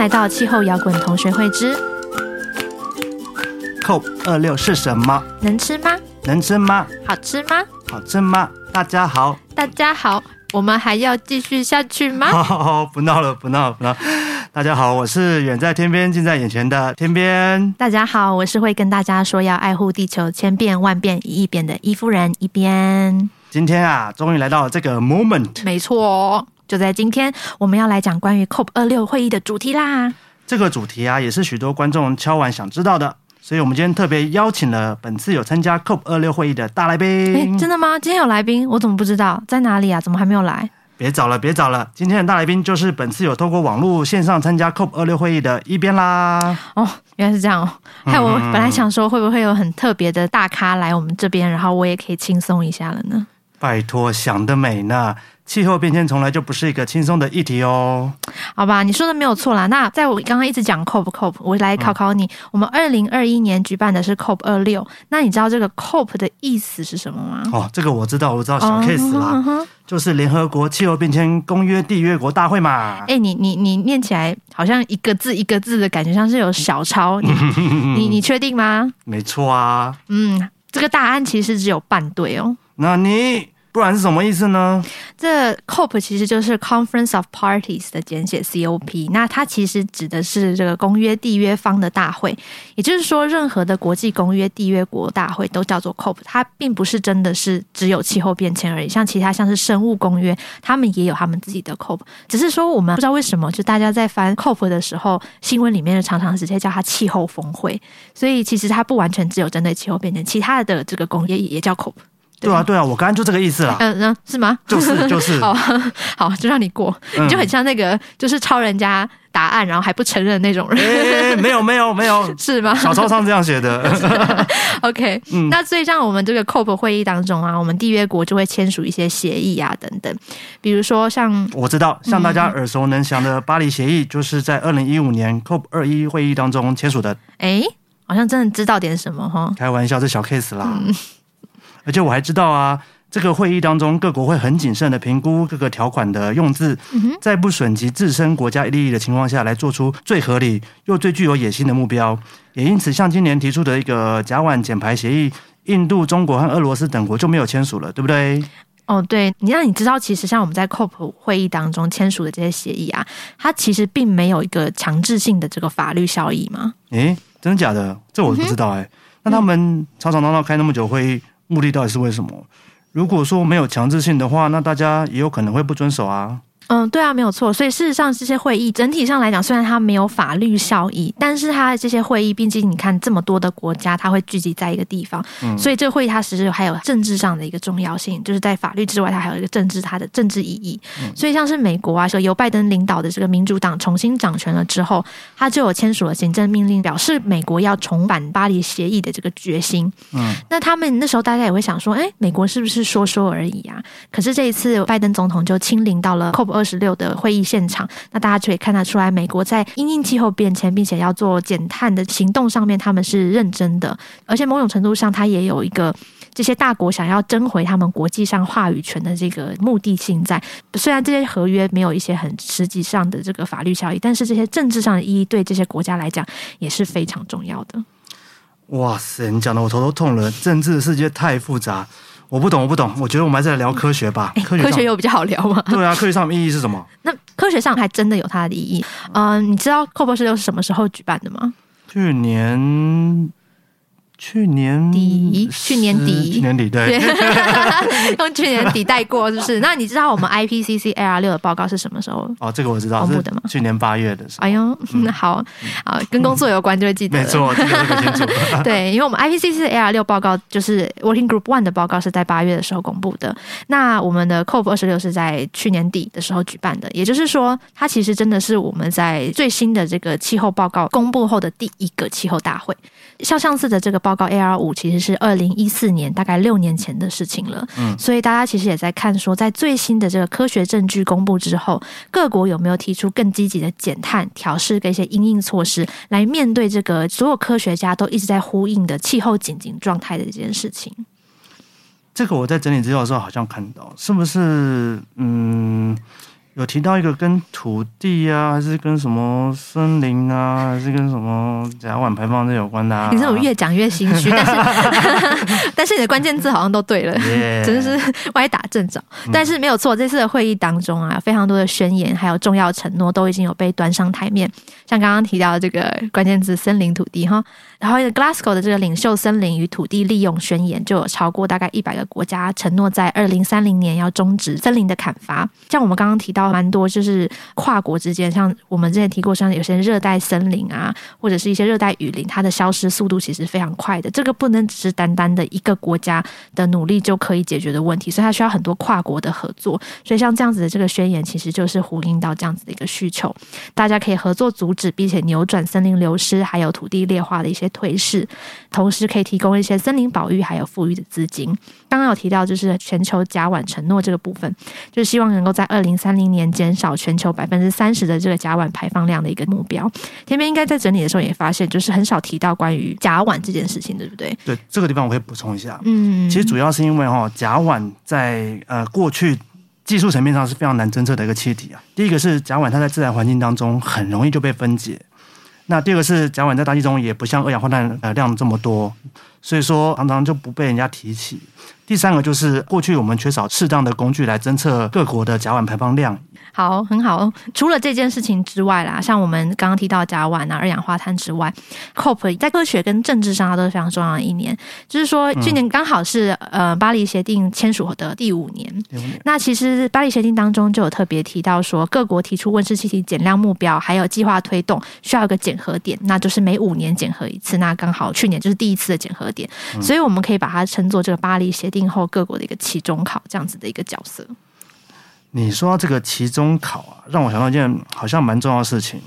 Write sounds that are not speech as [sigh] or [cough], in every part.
來到氣候搖滾，同學會之。COP26 是什麼？能吃嗎？能吃嗎？好吃嗎？好吃嗎？大家好，大家好，我們還要繼續下去嗎？好好好，不鬧了，不鬧了，不鬧。大家好，我是遠在天邊近在眼前的天編。大家好，我是會跟大家說要愛護地球千遍萬遍一億遍的衣夫人衣編。今天啊，終於來到了這個 moment。沒錯哦，就在今天，我們要來講關於 COP 二六會議的主題啦。這個主題啊，也是許多觀眾敲碗想知道的，所以我們今天特別邀請了本次有參加 COP 二六會議的大來賓。哎，真的嗎？今天有來賓，我怎麼不知道？在哪裡啊？怎麼還沒有來？別找了，別找了，今天的大來賓就是本次有透過網絡線上參加 COP 二六會議的衣編啦。哦，原來是這樣哦。嗯，害我本來想說會不會有很特別的大咖來我們這邊，然後我也可以輕鬆一下了呢。拜託，想得美呢！氣候變遷從來就不是一個輕鬆的議題哦。好吧，你說的沒有錯啦。那在我剛剛一直講 COP COP，我來考考你。嗯、我們二零二一年舉辦的是 COP 二六，那你知道這個 COP 的意思是什麼嗎？哦，這個我知道，我知道，小 CASE 啦，哦、呵呵呵呵，就是聯合國氣候變遷公約締約國大會嘛。哎、欸，你你你念起來好像一個字一個字的感覺，像是有小抄。你 [laughs] 你確定嗎？沒錯啊。嗯，這個答案其實只有半對哦。那你，不然是什麼意思呢？這 COP 其實就是 Conference of Parties 的簡寫 COP，那它其實指的是這個公約締約方的大會，也就是說，任何的國際公約締約國大會都叫做 COP。它並不是真的是只有氣候變遷而已，像其他像是生物公約，他們也有他們自己的 COP。只是說我們不知道為什麼，就大家在翻 COP 的時候，新聞裡面常常直接叫它氣候峰會，所以其實它不完全只有針對氣候變遷，其他的這個公約也叫 COP。對啊對啊，對嗎我剛剛就這個意思啦，嗯。嗯，是嗎？就是就是，哦。好，就讓你過。嗯，你就很像那個，就是抄人家答案，然後還不承認那種人。沒有沒有沒有，沒有沒有是嗎？小抄上這樣寫的。 [laughs] 的 OK，嗯，那所以像我們這個 COP 會議當中啊，我們締約國就會簽署一些協議啊等等，比如說像我知道，像大家耳熟能詳的巴黎協議，就是在二零一五年 COP 二一會議當中簽署的。哎，嗯，好像真的知道點什麼哈。開玩笑，這小 case 啦。嗯而且我還知道啊，這個會議當中，各國會很謹慎的評估各個條款的用字，嗯、哼在不損及自身國家利益的情況下，來做出最合理又最具有野心的目標。也因此，像今年提出的一個甲烷減排協議，印度、中國和俄羅斯等國就沒有簽署了，對不對？哦，對你，讓你知道，其實像我們在 COP 會議當中簽署的這些協議啊，它其實並沒有一個強制性的這個法律效益嗎？誒，真的假的？這我不知道哎、欸。嗯、那他們吵吵鬧鬧開那麼久會議？目的到底是為什麼？如果說沒有強制性的話，那大家也有可能會不遵守啊。嗯，對啊，沒有錯。所以事實上，這些會議整體上來講，雖然它沒有法律效益，但是它的這些會議，畢竟你看這麼多的國家，它會聚集在一個地方，所以這個會議它實際還有政治上的一個重要性，就是在法律之外，它還有一個政治，它的政治意義。所以像是美國啊，說由拜登領導的這個民主黨重新掌權了之後，他就有簽署了行政命令，表示美國要重返巴黎協議的這個決心。嗯，那他們那時候大家也會想說，哎，美國是不是說說而已啊？可是這一次，拜登總統就親臨到了 COP。二十六的會議現場，那大家就可以看得出來，美國在因應氣候變遷，並且要做減碳的行動上面，他們是認真的。而且某種程度上，他也有一個這些大國想要爭回他們國際上話語權的這個目的性在。雖然這些合約沒有一些很實際上的這個法律效益，但是這些政治上的意義對這些國家來講也是非常重要的。哇塞，你講的我頭都痛了，政治世界太複雜。我不懂，我不懂，我覺得我們還是來聊科學吧。誒科學有比較好聊嗎？對啊，科學上的意義是什麼？那科學上還真的有它的意義。嗯、呃，你知道 COP26 是什麼時候舉辦的嗎？去年。去年，去年底，十去年底，年底對， [laughs] 用去年底帶過是不是？ [laughs] 那你知道我們 IPCC AR 六的報告是什麼時候？哦，這個我知道，是去年八月的時候。哎呦、嗯，那、嗯嗯、好啊，好嗯、跟工作有關就會記得、嗯嗯，沒錯、哦， [laughs] 對，因為我們 IPCC AR 六報告就是 Working Group One 的報告是在八月的時候公布的。那我們的 COP 二十六是在去年底的時候舉辦的，也就是說，它其實真的是我們在最新的這個氣候報告公布後的第一個氣候大會。像上次的這個報告，AR5 其實是二零一四年，大概六年前的事情了。嗯，所以大家其實也在看說，說在最新的這個科學證據公布之後，各國有沒有提出更積極的減碳、調適跟一些因應措施，來面對這個所有科學家都一直在呼應的氣候緊急狀態的這件事情。這個我在整理資料的時候好像看到，是不是？嗯。有提到一個跟土地啊，還是跟什麼森林啊，還是跟什麼甲烷排放這有關的。啊。你這種越講越心虛， [laughs] 但是 [laughs] [laughs] 但是你的關鍵字好像都對了，Yeah. 真的是歪打正着。嗯、但是沒有錯，這次的會議當中啊，非常多的宣言還有重要承諾都已經有被端上台面。像剛剛提到的這個關鍵字森林土地哈，然後《Glasgow》的這個“領袖森林與土地利用宣言”就有超過大概一百個國家承諾在二零三零年要終止森林的砍伐。像我們剛剛提到。蠻多，就是跨國之間，像我們之前提過，像有些熱帶森林啊，或者是一些熱帶雨林，它的消失速度其實非常快的。這個不能只是單單的一個國家的努力就可以解決的問題，所以它需要很多跨國的合作。所以像這樣子的這個宣言，其實就是呼應到這樣子的一個需求，大家可以合作阻止並且扭轉森林流失，還有土地劣化的一些趨勢，同時可以提供一些森林保育還有富裕的資金。剛剛有提到就是全球甲烷承諾這個部分，就是、希望能夠在二零三零。年減少全球百分之三十的這個甲烷排放量的一個目標，前面應該在整理的時候也發現，就是很少提到關於甲烷這件事情，對不對？對，這個地方我可以補充一下，嗯，其實主要是因為哦，甲烷在呃過去技術層面上是非常難偵測的一個氣體啊。第一個是甲烷它在自然環境當中很容易就被分解，那第二個是甲烷在大氣中也不像二氧化碳呃量這麼多，所以說常常就不被人家提起。第三個就是過去我們缺少適當的工具來偵測各國的甲烷排放量。好，很好。除了這件事情之外啦，像我們剛剛提到甲烷啊、二氧化碳之外，COP 在科學跟政治上它都是非常重要的一年。就是說，去年剛好是、嗯、呃巴黎協定簽署的第五年。嗯、那其實巴黎協定當中就有特別提到說，各國提出溫室氣體減量目標，還有計劃推動需要一個檢核點，那就是每五年檢核一次。那剛好去年就是第一次的檢核點，嗯、所以我們可以把它稱作這個巴黎協定，今後各國的一個期中考這樣子的一個角色。你說這個期中考啊，讓我想到一件好像蠻重要的事情，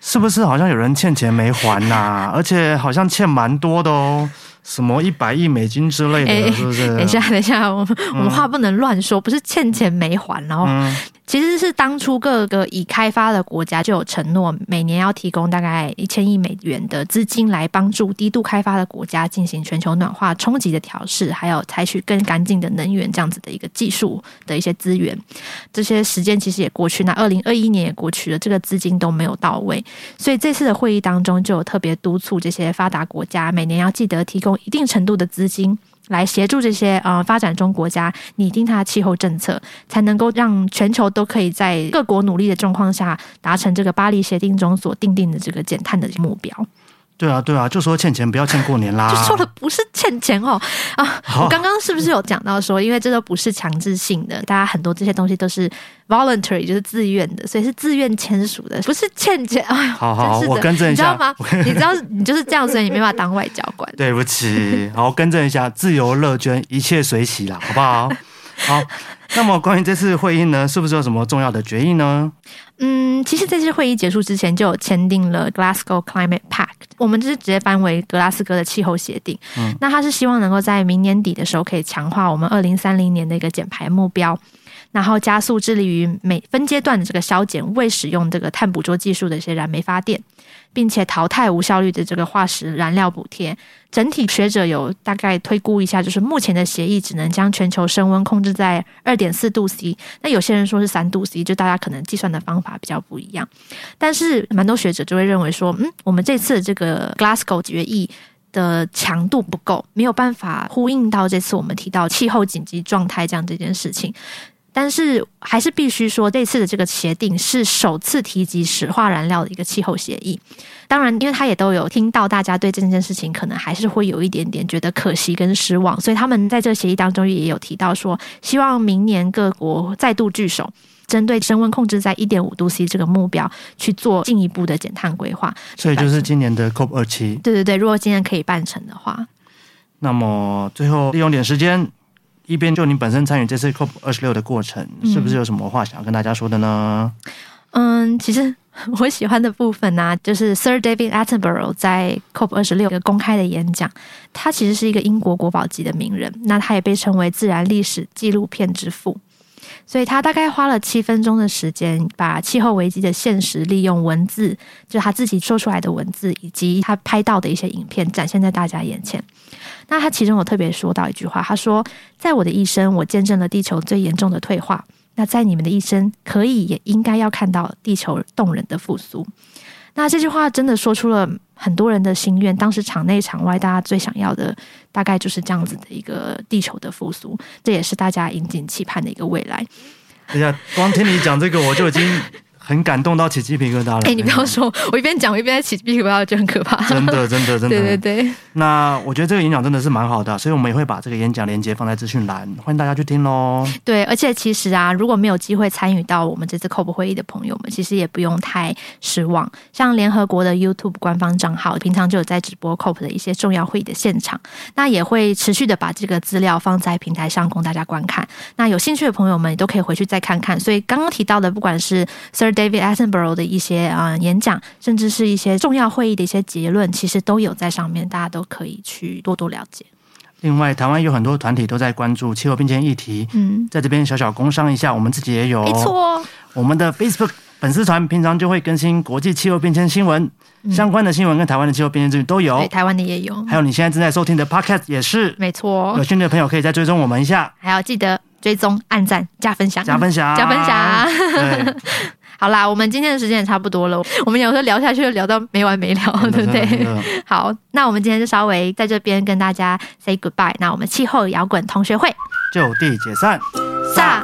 是不是？好像有人欠錢沒還呐、啊， [laughs] 而且好像欠蠻多的哦，什麼一百億美金之類的，是不是、欸欸。等一下，等一下，我們，我們話不能亂說，嗯、不是欠錢沒還哦。然後嗯其實是當初各個已開發的國家就有承諾，每年要提供大概一千億美元的資金來幫助低度開發的國家進行全球暖化衝擊的調試，還有採取更乾淨的能源這樣子的一個技術的一些資源。這些時間其實也過去，那二零二一年也過去了，這個資金都沒有到位，所以這次的會議當中就有特別督促這些發達國家每年要記得提供一定程度的資金。來協助這些呃發展中國家擬定它的氣候政策，才能夠讓全球都可以在各國努力的狀況下達成這個巴黎協定中所訂定的這個減碳的目標。對啊對啊，就說欠錢不要欠過年啦。就說了不是欠錢哦啊！我剛剛是不是有講到說，因為這都不是強制性的，大家很多這些東西都是 voluntary，就是自願的，所以是自願簽署的，不是欠錢。哎呦，好好，我更正一下，你知道嗎？ [laughs] 你知道你就是這樣，所以你沒辦法當外交官。對不起，好，更正一下，自由樂捐，一切隨喜啦，好不好？ [laughs] [laughs] 好，那麼關於這次會議呢，是不是有什麼重要的決議呢？嗯，其實這次會議結束之前就有簽訂了 Glasgow Climate Pact，我們就是直接翻為格拉斯哥的氣候協定。嗯，那他是希望能夠在明年底的時候可以強化我們二零三零年的一個減排目標。然後加速致力於每分階段的這個削減未使用這個碳捕捉技術的一些燃煤發電，並且淘汰無效率的這個化石燃料補貼。整體學者有大概推估一下，就是目前的協議只能將全球升溫控制在二點四度 C。那有些人說是三度 C，就大家可能計算的方法比較不一樣。但是蠻多學者就會認為說，嗯，我們這次這個《Glasgow 決議》的強度不夠，沒有辦法呼應到這次我們提到氣候緊急狀態這樣這件事情。但是還是必須說，這次的這個協定是首次提及石化燃料的一個氣候協議。當然，因為他也都有聽到大家對這件事情可能還是會有一點點覺得可惜跟失望，所以他們在這協議當中也有提到說，希望明年各國再度聚首，針對升溫控制在一點五度 C 這個目標去做進一步的減碳規劃。所以就是今年的 COP 二七，對對對，如果今年可以辦成的話，那麼最後利用點時間，一邊就你本身參與這次 COP 二十六的過程，是不是有什麼話想要跟大家說的呢？嗯，其實我喜歡的部分呢、啊，就是 Sir David Attenborough 在 COP 二十六一個公開的演講。他其實是一個英國國寶級的名人，那他也被稱為自然歷史紀錄片之父。所以他大概花了七分鐘的時間，把氣候危機的現實利用文字，就是、他自己說出來的文字，以及他拍到的一些影片展現在大家眼前。那他其中有特別說到一句話，他說：“在我的一生，我見證了地球最嚴重的退化。那在你們的一生，可以也應該要看到地球動人的復蘇。”那這句話真的說出了很多人的心願，當時場內場外大家最想要的大概就是這樣子的一個地球的復甦，這也是大家引頸期盼的一個未來。哎呀，光聽你講這個，我就已經。 [laughs] 很感動到起雞皮疙瘩了。哎、欸，你不要說，我一邊講我一邊在起雞皮疙瘩，就很可怕。 [laughs] 真的，真的，真的， [laughs] 對對對，那。那我覺得這個演講真的是蠻好的，所以我們也會把這個演講連接放在資訊欄，歡迎大家去聽嘍。對，而且其實啊，如果沒有機會參與到我們這次 COP 會議的朋友們，其實也不用太失望。像聯合國的 YouTube 官方賬號，平常就有在直播 COP 的一些重要會議的現場，那也會持續的把這個資料放在平台上供大家觀看。那有興趣的朋友們，也都可以回去再看看。所以剛剛提到的，不管是 Sir，David Attenborough 的一些啊演講，甚至是一些重要會議的一些結論，其實都有在上面，大家都可以去多多了解。另外，台灣有很多團體都在關注氣候變遷議題。嗯，在這邊小小工商一下，我們自己也有沒錯錯。我們的 Facebook 粉絲團平常就會更新國際氣候變遷新聞、嗯、相關的新聞，跟台灣的氣候變遷新聞都有。對，台灣的也有，還有你現在正在收聽的 Podcast 也是沒錯錯。有興趣的朋友可以再追蹤我們一下，還要記得追蹤、按讚、加分享、加分享、加分享。對 [laughs] 好啦，我們今天的時間也差不多了。我們有時候聊下去就聊到沒完沒了，對不對？好，那我們今天就稍微在這邊跟大家 say goodbye。那我們氣候搖滾同學會就地解散，散。